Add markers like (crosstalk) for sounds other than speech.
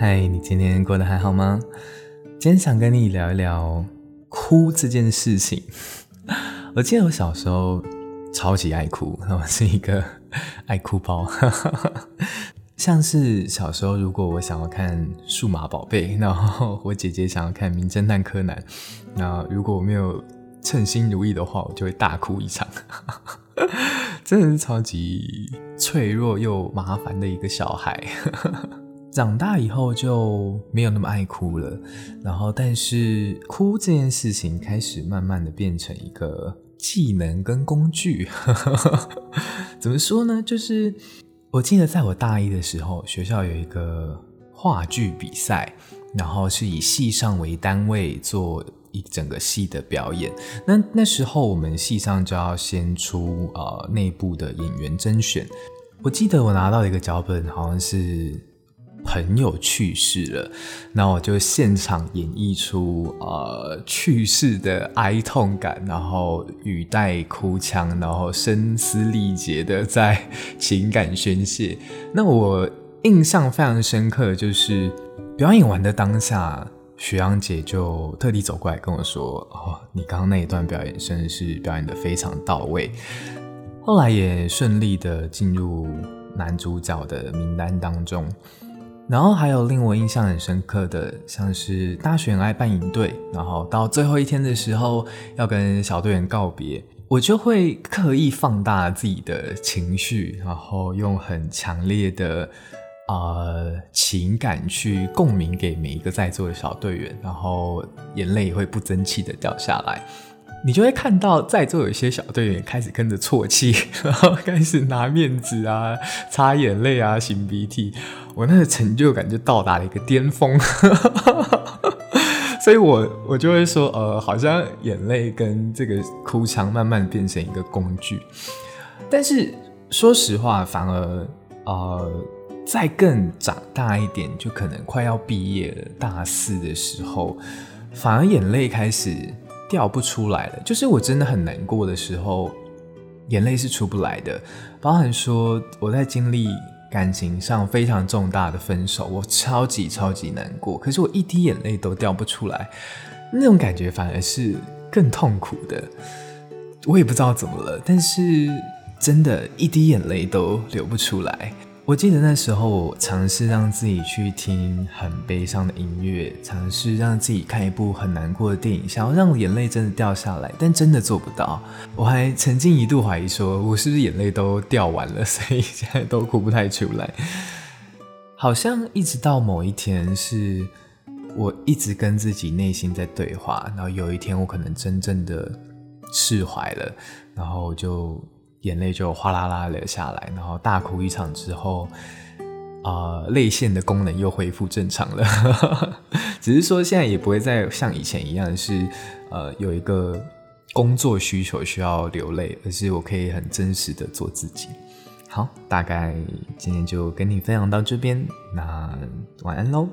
嗨，Hi, 你今天過得還好嗎？今天想跟你聊一聊哭這件事情。 (laughs) 我記得我小時候超級愛哭，我是一個愛哭包。 (laughs) 像是小時候，如果我想要看《數碼寶貝》，然後我姐姐想要看《名偵探柯南》，那如果我沒有稱心如意的話，我就會大哭一場。 (laughs) 真的是超級脆弱又麻煩的一個小孩。 (laughs) 長大以後就沒有那麼愛哭了，然後但是哭這件事情開始慢慢的變成一個技能跟工具， (laughs) 怎麼說呢？就是我記得在我大一的時候，學校有一個話劇比賽，然後是以系上為單位做一整個系的表演。那那時候我們系上就要先出、呃、內部的演員甄選，我記得我拿到一個腳本，好像是。朋友去世了，那我就現場演繹出呃、去世的哀痛感，然後語帶哭腔，然後聲嘶力竭的在情感宣洩。那我印象非常深刻，就是表演完的當下，徐洋姐就特地走過來跟我說：“哦，你剛剛那一段表演真的是表演的非常到位。”後來也順利的進入男主角的名單當中。然後還有令我印象很深刻的，像是大學愛辦營隊，然後到最後一天的時候要跟小隊員告別，我就會刻意放大自己的情緒，然後用很強烈的呃情感去共鳴給每一個在座的小隊員，然後眼淚也會不爭氣的掉下來。你就會看到在座有一些小隊員開始跟着啜泣，然後開始拿面紙啊、擦眼淚啊、擤鼻涕。我那個成就感就到達了一個巔峰， (laughs) 所以我我就會說，呃，好像眼淚跟這個哭腔慢慢變成一個工具。但是說實話，反而呃，再更長大一點，就可能快要畢業了，大四的時候，反而眼淚開始。掉不出來了，就是我真的很難過的時候，眼淚是出不來的。包含說我在經歷感情上非常重大的分手，我超級超級難過，可是我一滴眼淚都掉不出來，那種感覺反而是更痛苦的。我也不知道怎麼了，但是真的，一滴眼淚都流不出來。我記得那時候，我嘗試讓自己去聽很悲傷的音樂，嘗試讓自己看一部很難過的電影，想要讓眼淚真的掉下來，但真的做不到。我還曾經一度懷疑，說我是不是眼淚都掉完了，所以現在都哭不太出來。好像一直到某一天，是我一直跟自己內心在對話，然後有一天，我可能真正的釋懷了，然後我就。眼淚就嘩啦啦流下來，然後大哭一場之後，呃，淚腺的功能又恢復正常了。 (laughs) 只是說現在也不會再像以前一樣是，呃，有一個工作需求需要流淚，而是我可以很真實的做自己。好，大概今天就跟你分享到這邊，那晚安嘍。